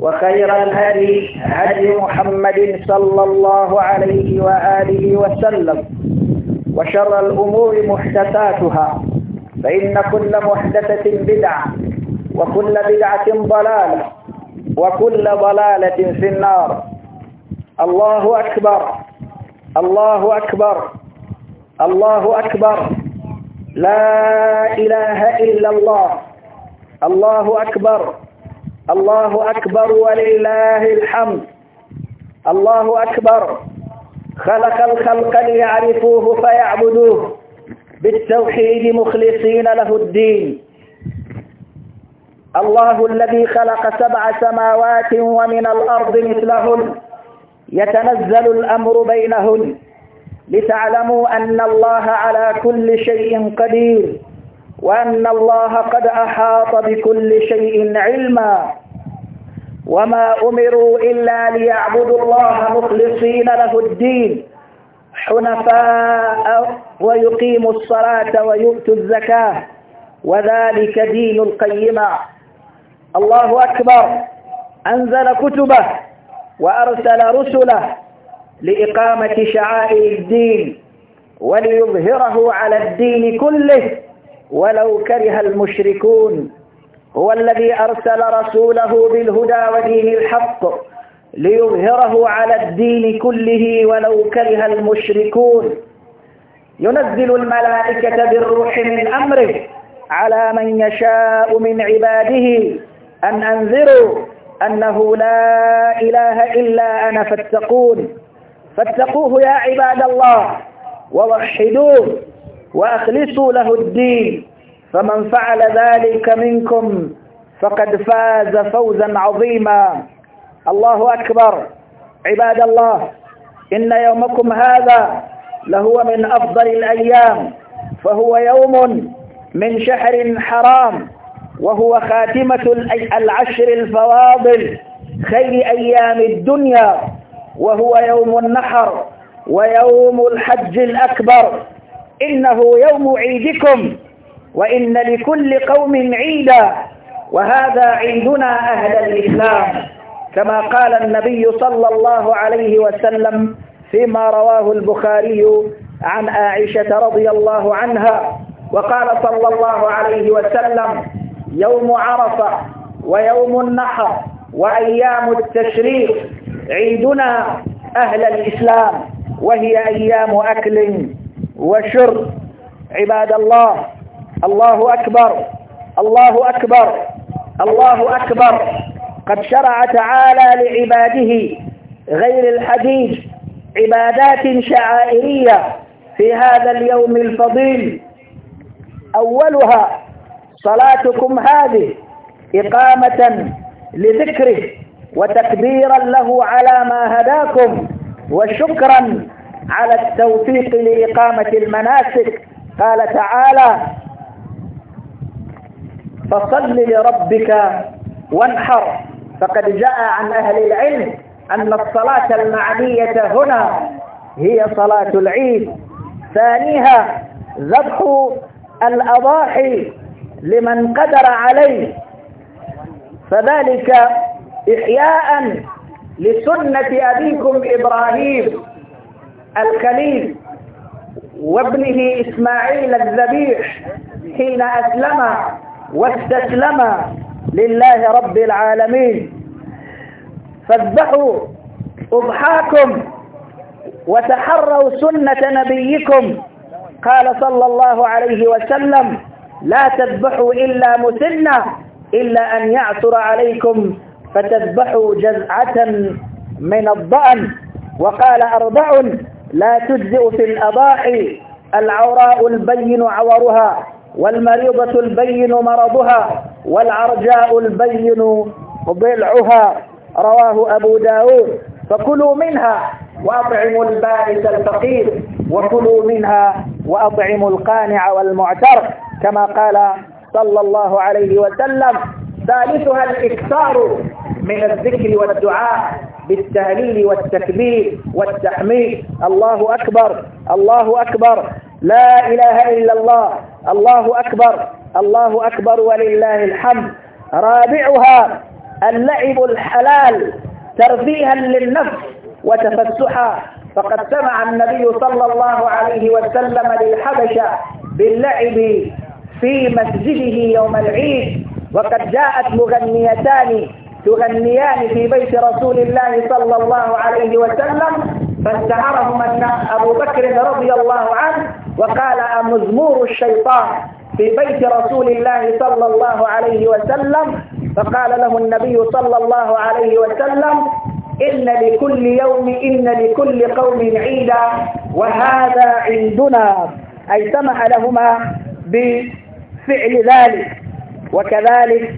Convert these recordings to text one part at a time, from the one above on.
وخير الهدي هدي محمد صلى الله عليه وآله وسلم وشر الأمور محدثاتها فإن كل محدثة بدعة وكل بدعة ضلالة وكل ضلالة في النار الله أكبر الله أكبر الله أكبر لا إله إلا الله الله أكبر الله أكبر ولله الحمد الله أكبر خلق الخلق ليعرفوه فيعبدوه بالتوحيد مخلصين له الدين الله الذي خلق سبع سماوات ومن الأرض مثلهن يتنزل الأمر بينهن لتعلموا أن الله على كل شيء قدير وأن الله قد أحاط بكل شيء علما وما أمروا إلا ليعبدوا الله مخلصين له الدين حنفاء ويقيموا الصلاة ويؤتوا الزكاة وذلك دين القيمة الله أكبر أنزل كتبه وأرسل رسله لإقامة شعائر الدين وليظهره على الدين كله ولو كره المشركون هو الذي أرسل رسوله بالهدى ودين الحق ليظهره على الدين كله ولو كره المشركون ينزل الملائكة بالروح من أمره على من يشاء من عباده أن أنذروا أنه لا إله إلا أنا فاتقون فاتقوه يا عباد الله ووحدوه وأخلصوا له الدين فمن فعل ذلك منكم فقد فاز فوزا عظيما الله أكبر عباد الله إن يومكم هذا لهو من أفضل الأيام فهو يوم من شهر حرام وهو خاتمة العشر الفواضل خير أيام الدنيا وهو يوم النحر ويوم الحج الأكبر إنه يوم عيدكم وإن لكل قوم عيدا وهذا عيدنا أهل الإسلام كما قال النبي صلى الله عليه وسلم فيما رواه البخاري عن عائشة رضي الله عنها وقال صلى الله عليه وسلم يوم عرفة ويوم النحر وأيام التشريق عيدنا أهل الإسلام وهي أيام أكل وشرب عباد الله الله أكبر الله أكبر الله أكبر قد شرع تعالى لعباده غير الحديث عبادات شعائرية في هذا اليوم الفضيل أولها صلاتكم هذه إقامة لذكره وتكبيرا له على ما هداكم وشكرا على التوفيق لإقامة المناسك قال تعالى فصل لربك وانحر فقد جاء عن أهل العلم أن الصلاة المعنية هنا هي صلاة العيد ثانيها ذبح الأضاحي لمن قدر عليه فذلك إحياء لسنة أبيكم إبراهيم الخليل وابنه إسماعيل الذبيح حين أسلم واستسلم لله رب العالمين فاذبحوا أضحاكم وتحروا سنة نبيكم قال صلى الله عليه وسلم لا تذبحوا إلا مسنة إلا أن يعثر عليكم فتذبحوا جزعة من الضأن وقال أربع لا تجزئ في الأضاحي العوراء البين عورها والمريضة البين مرضها والعرجاء البين ضلعها رواه أبو داود فكلوا منها وأطعموا البائس الفقير وكلوا منها وأطعموا القانع والمعتر كما قال صلى الله عليه وسلم ثالثها الإكثار من الذكر والدعاء بالتهليل والتكبير والتحميد الله أكبر الله أكبر لا إله إلا الله الله أكبر الله أكبر ولله الحمد رابعها اللعب الحلال ترفيها للنفس وتفسحا فقد سمع النبي صلى الله عليه وسلم للحبشة باللعب في مسجده يوم العيد وقد جاءت مغنيتان تغنيان في بيت رسول الله صلى الله عليه وسلم فاستعرهما أبو بكر رضي الله عنه وقال مزمور الشيطان في بيت رسول الله صلى الله عليه وسلم فقال له النبي صلى الله عليه وسلم إن لكل يوم إن لكل قوم عيدا وهذا عندنا أي سمح لهما بفعل ذلك وكذلك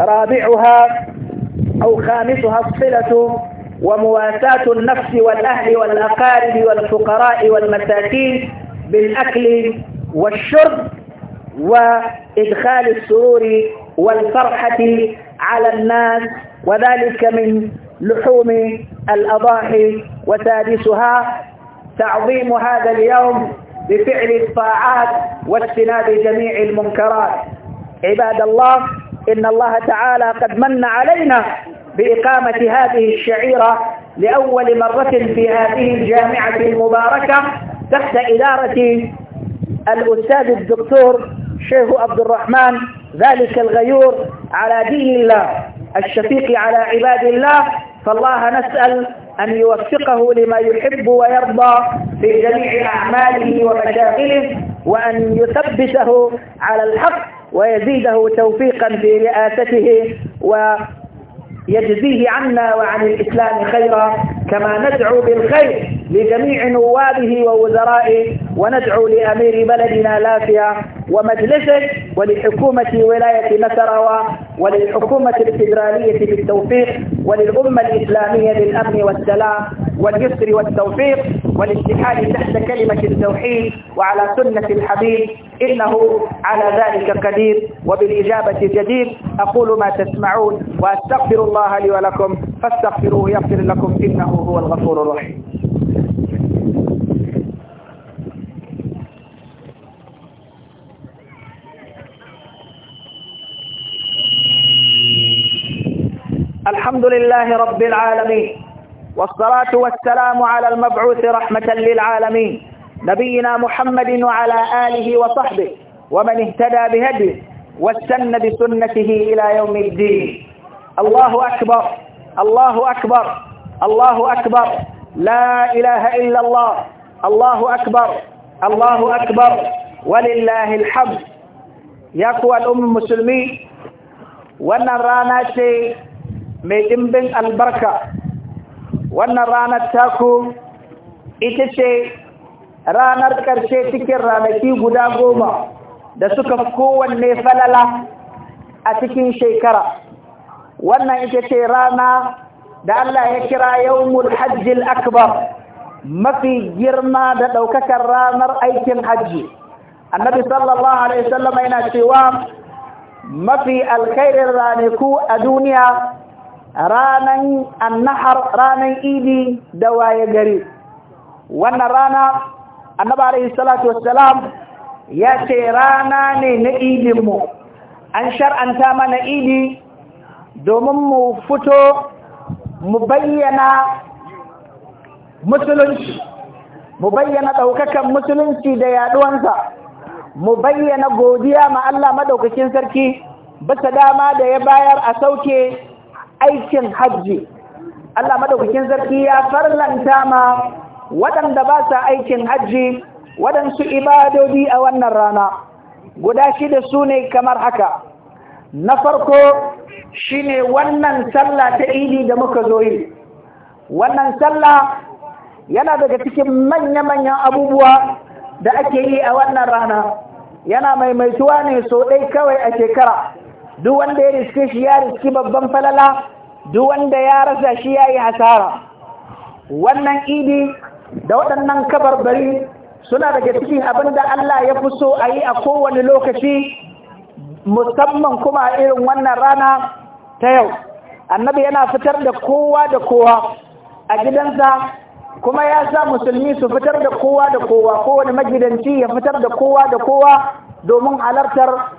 رابعها أو خامسها الصلة ومواساة النفس والأهل والأقارب والفقراء والمساكين بالأكل والشرب وإدخال السرور والفرحة على الناس وذلك من لحوم الأضاحي وسادسها تعظيم هذا اليوم بفعل الطاعات واجتناب جميع المنكرات عباد الله إن الله تعالى قد من علينا بإقامة هذه الشعيرة لأول مرة في هذه الجامعة المباركة تحت إدارة الأستاذ الدكتور شيخ عبد الرحمن ذلك الغيور على دين الله الشفيق على عباد الله فالله نسأل أن يوفقه لما يحب ويرضى في جميع أعماله ومشاغله وأن يثبته على الحق ويزيده توفيقا في رئاسته و يجزيه عنا وعن الإسلام خيرا كما ندعو بالخير لجميع نوابه ووزرائه وندعو لأمير بلدنا لافيا ومجلسه ولحكومة ولاية نسروة وللحكومة الفدرالية بالتوفيق وللأمة الإسلامية بالأمن والسلام واليسر والتوفيق والاجتهاد تحت كلمة التوحيد وعلى سنة الحبيب إنه على ذلك قدير وبالإجابة جديد أقول ما تسمعون وأستغفر الله لي ولكم فاستغفروه يغفر لكم إنه هو الغفور الرحيم الحمد لله رب العالمين والصلاة والسلام على المبعوث رحمة للعالمين نبينا محمد وعلى آله وصحبه ومن اهتدى بهديه واستنى بسنته إلى يوم الدين الله أكبر الله أكبر الله أكبر لا إله إلا الله الله أكبر الله أكبر ولله الحمد يقوى الأم المسلمين ونرانا شيء من ce mai wannan ranar taku ita ce ranar ƙarshe cikin ranaki guda goma da suka kowanne falala a cikin shekara wannan ita ce rana da Allah ya kira yawmul hajjil akbar mafi girma da ɗaukakar ranar aikin hajji annabi sallallahu alaihi wasallam yana cewa mafi alkhairin ranaku a duniya ranan annahar ranan idi da waye gari wannan rana annabi alayhi salatu wassalam ya ce rana ne na idin an shar'anta mana idi domin mu fito mu bayyana musulunci mu bayyana ɗaukakan musulunci da yaɗuwansa mu bayyana godiya ma Allah madaukakin sarki bata dama da ya bayar a sauke aikin hajji Allah madaukakin zarki ya farlanta ma waɗanda ba sa aikin hajji waɗansu ibadodi a wannan rana guda shi da su ne kamar haka na farko shi ne wannan sallah ta idi da muka zo yi wannan sallah yana daga cikin manya-manyan abubuwa da ake yi a wannan rana yana maimaituwa ne so ɗai kawai a shekara duk wanda ya riske shi ya riski babban falala duk wanda ya rasa shi ya yi hasara wannan idi da waɗannan kabarbari suna daga cikin abin da Allah ya fi so a yi a kowane lokaci musamman kuma irin wannan rana ta yau annabi yana fitar da kowa da kowa a gidansa kuma ya sa musulmi su fitar da kowa da kowa kowane magidanci ya fitar da kowa da kowa domin halartar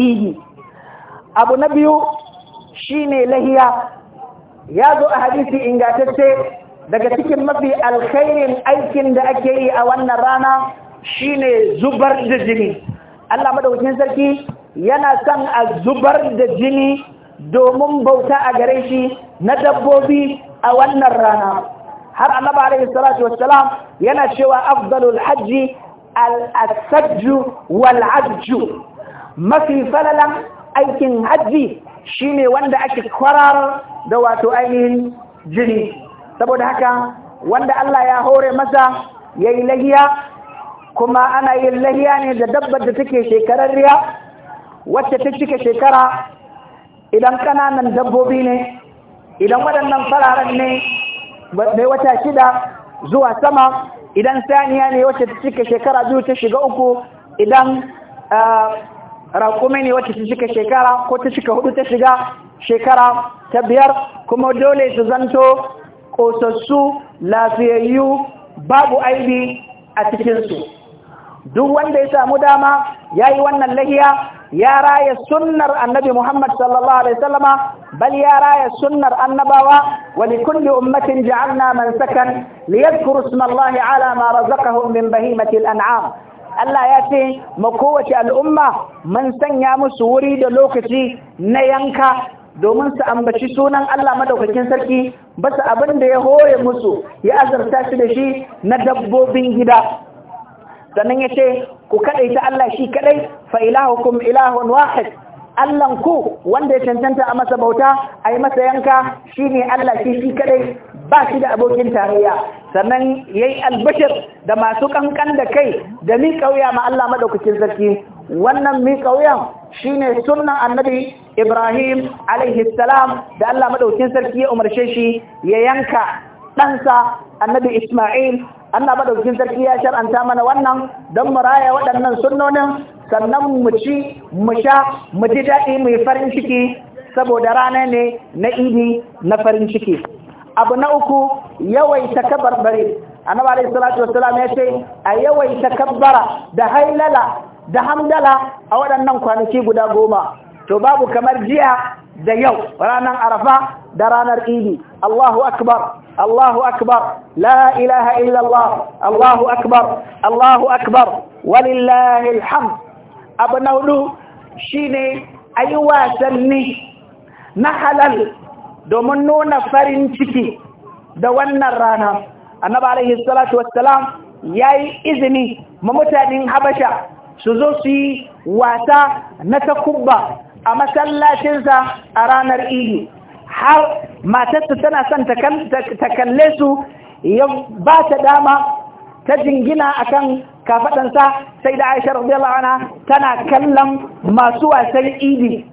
idi abu na biyu shine lahiya ya zo a hadisi ingatacce daga cikin mafi alkhairin aikin da ake yi a wannan rana shine zubar da jini Allah madaukakin sarki yana son a zubar da jini domin bauta a gare shi na dabbobi a wannan rana har annabi alaihi salatu wassalam yana cewa afdalul hajji al-asajju wal mafi falalan aikin hajji shine wanda ake kwarar da wato ainihin jini saboda haka wanda Allah ya hore masa ya yi lahiya kuma ana yin lahiya ne da dabbar da take shekararriya wacce ta cika shekara idan kananan dabbobi ne idan waɗannan fararen ne mai wata shida zuwa sama idan saniya ne wacce ta cika shekara biyu ta shiga uku idan ah, raƙume ne wacce ta cika shekara ko ta cika hudu ta shiga shekara ta biyar kuma dole su zanto ƙosassu lafiyayyu babu aibi a cikinsu duk wanda ya samu dama ya yi wannan lahiya ya raya sunnar annabi Muhammad sallallahu alaihi wasallama bal ya raya sunnar annabawa wa li kulli ummatin ja'alna man sakan liyadhkuru isma Allah ala ma razaqahum min bahimati al-an'am Allah ya ce ma kowace al'umma mun sanya musu wuri da lokaci na yanka domin su ambaci sunan Allah madaukakin sarki ba su abin da ya hore musu ya azarta shi da shi na dabbobin gida sannan ya ce ku kaɗaita Allah shi kaɗai fa ilahukum ilahun wahid Allahn ku wanda ya cancanta a masa bauta a yi masa yanka shi ne Allah shi shi kadai ba shi da abokin tarayya sannan ya yi albashir da masu kankan da kai da miƙauya ma Allah maɗaukacin sarki wannan miƙauyan shi ne sunan annabi Ibrahim alaihissalam da Allah maɗaukin sarki ya umarce shi ya yanka ɗansa annabi Ismail Allah wajen sarki ya shar'anta mana wannan don mu raya waɗannan sunnonin sannan mu ci mu sha mu ji daɗi mu yi farin ciki saboda rana ne na idi na farin ciki abu na uku yawaita kabarbare annabi alayhi salatu wassalam ya ce a yawaita kabbara da hailala da hamdala a waɗannan kwanaki guda goma to babu kamar jiya da yau ranar arafa da ranar idi Allahu akbar Allahu akbar la ilaha illallah Allahu akbar Allahu akbar walillahi alhamd abu shine ayi wasanni na halal domin nuna farin ciki da wannan rana annabi alayhi salatu wassalam yayi izini ma mutanen habasha su zo su yi wasa na takubba a masallacinsa a ranar idi har matarsa tana son ta kalle su ya ba ta dama ta jingina akan kafadansa sai da Aisha radiyallahu anha tana kallon masu wasan idi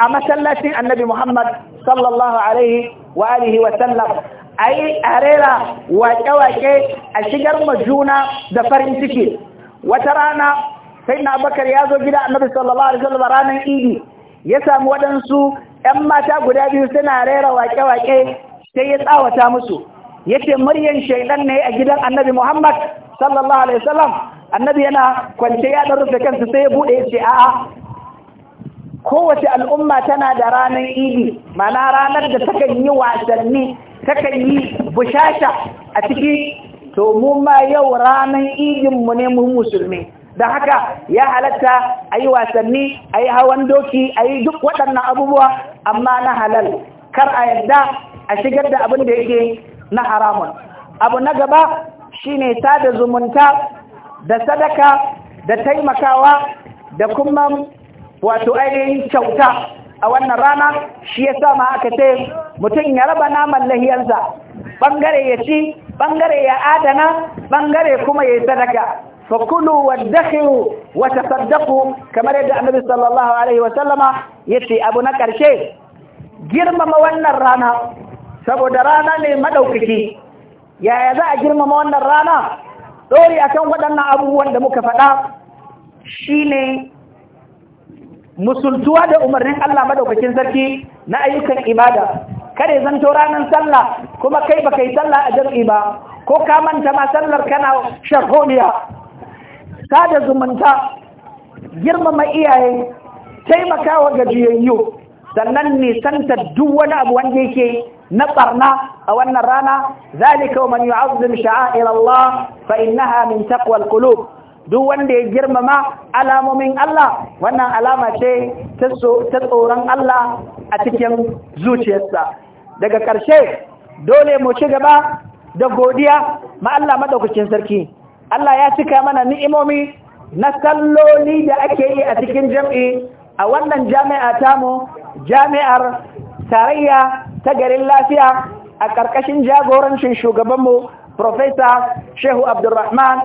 a masallacin Annabi Muhammad sallallahu alaihi wa alihi wa sallam ai arera waƙe-waƙe a shigar majuna da farin ciki wata rana sai na bakar ya zo gida Annabi sallallahu alaihi wa sallam ranar idi ya samu waɗansu ‘yan mata guda biyu suna raira waƙe-waƙe sai ya tsawata musu yace muryan shaidan ne a gidan annabi Muhammad sallallahu alaihi wasallam annabi yana kwance ya dan rufe kansu sai ya buɗe ya ce a'a kowace al'umma tana da ranar idi mana ranar da takan yi wasanni takan yi bushasha a ciki to mu ma yau ranar ilinmu ne mu musulmi don haka ya halatta a yi wasanni a yi hawan doki a yi duk waɗannan abubuwa amma na halal kar a yadda a shigar da abin da yake na haramun abu na gaba shine sada zumunta da sadaka da taimakawa da kuma wato ainihin kyauta a wannan rana shi ya sa ma aka ce mutum ya raba naman lahiyarsa ɓangare ya ci ɓangare ya adana ɓangare kuma ya yi sadaka fakulu waddakhiru wa kamar yadda annabi sallallahu alaihi wa sallama yace abu na karshe girmama wannan rana saboda rana ne madaukaki yaya za a girmama wannan rana dori akan waɗannan abubuwan da muka faɗa shine musultuwa da umarnin Allah madaukakin sarki na ayyukan ibada kare zanto ranar sallah kuma kai baka yi sallah a jam'i ba ko ka manta ma sallar kana sharholiya sada zumunta girmama iyaye taimakawa gajiyayyu sannan nisanta duk wani abu wanda yake na barna a wannan rana zalika man yu'azzim sha'air Allah fa innaha min taqwa duk wanda ya girmama alamomin Allah wannan alama ce ta tsoron Allah a cikin zuciyarsa daga karshe dole mu ci gaba da godiya ma Allah madaukakin sarki Allah ya cika mana ni'imomi na salloli da ake yi a cikin jam'i a wannan jami'a tamu jami'ar tarayya ta garin lafiya a ƙarƙashin jagorancin shugabanmu Profesa Shehu Abdulrahman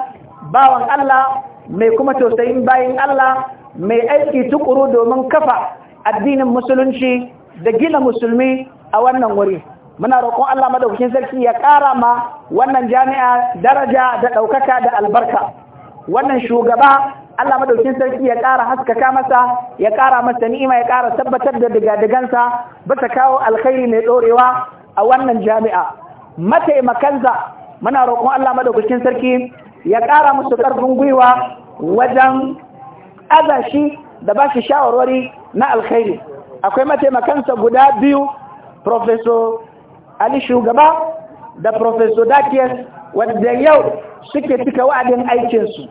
bawan Allah mai kuma tausayin bayan Allah mai aiki tukuru domin kafa addinin musulunci da gina musulmi a wannan wuri. muna roƙon Allah madaukakin sarki ya ƙara ma wannan jami'a daraja da ɗaukaka da albarka wannan shugaba Allah madaukakin sarki ya ƙara haskaka masa ya ƙara masa ni'ima ya ƙara tabbatar da digadigansa ba ta kawo alkhairi mai ɗorewa a wannan jami'a mataimakansa muna roƙon Allah madaukakin sarki ya ƙara musu ƙarfin gwiwa wajen azashi da ba shi shawarwari na alkhairi akwai mataimakansa guda biyu Professor ali shugaba da professor dakiyar wadda yau suke fika wa'adin aikinsu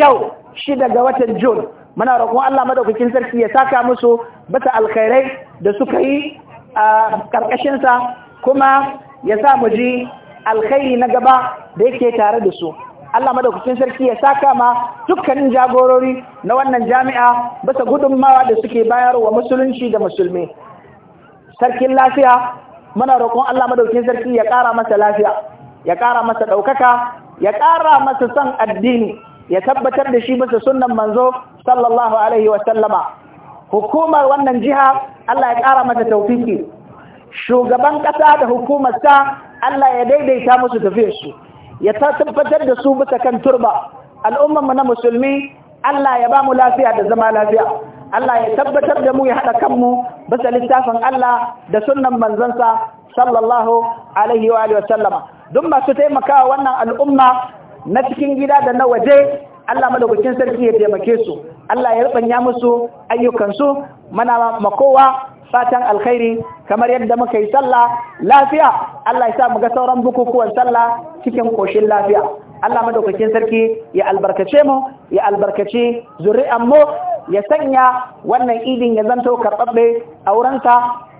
yau shida ga watan Jun muna roƙon allah madaukakin sarki ya saka musu bata alkhairai da suka yi a ƙarƙashinsa kuma ya sa mu ji alkhairi na gaba da yake tare da su Allah madaukakin sarki ya saka ma dukkanin jagorori na wannan jami'a bata gudunmawa da suke bayarwa musulunci da musulmi sarkin lafiya muna roƙon Allah madaukin sarki ya ƙara masa lafiya ya ƙara masa ɗaukaka ya ƙara masa son addini ya tabbatar da shi bisa sunnan manzo sallallahu alaihi wa sallama hukumar wannan jiha Allah ya ƙara masa taufiki shugaban ƙasa da hukumarsa Allah ya daidaita musu tafiyar su ya tabbatar da su bisa kan turba al'ummar na musulmi Allah ya ba mu lafiya da zama lafiya Allah ya tabbatar da mu ya haɗa kanmu bisa littafin Allah da sunnan manzansa sallallahu alaihi wa alihi sallama duk masu taimakawa wannan al'umma na cikin gida da na waje Allah madaukakin sarki ya taimake su Allah ya rubanya musu ayyukansu mana makowa fatan alkhairi kamar yadda muka yi sallah lafiya Allah ya sa mu ga sauran bukukuwan sallah cikin koshin lafiya Allah madaukakin sarki ya albarkace mu ya albarkaci zuri'an mu ya sanya wannan idin ya zanto karɓaɓɓe a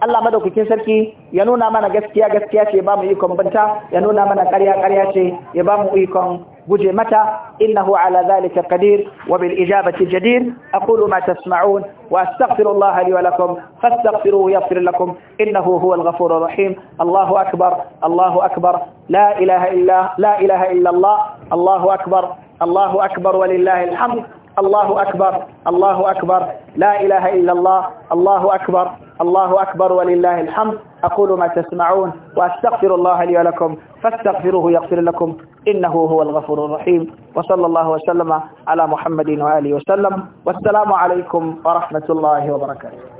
Allah madaukakin sarki ya nuna mana gaskiya gaskiya ce ba mu ikon banta ya nuna mana ƙarya ƙarya ce ya ba mu ikon guje mata innahu ala zalika qadir wa bil ijabati jadir aqulu ma tasma'un wa astaghfirullah li wa lakum fastaghfiruhu yaghfir lakum innahu huwa al ghafurur rahim Allahu akbar Allahu akbar la ilaha illa la ilaha illa Allah Allahu akbar Allahu akbar walillahi alhamd الله أكبر الله أكبر لا إله إلا الله الله أكبر الله أكبر ولله الحمد أقول ما تسمعون وأستغفر الله لي ولكم فاستغفروه يغفر لكم إنه هو الغفور الرحيم وصلى الله وسلم على محمد وآله وسلم والسلام عليكم ورحمة الله وبركاته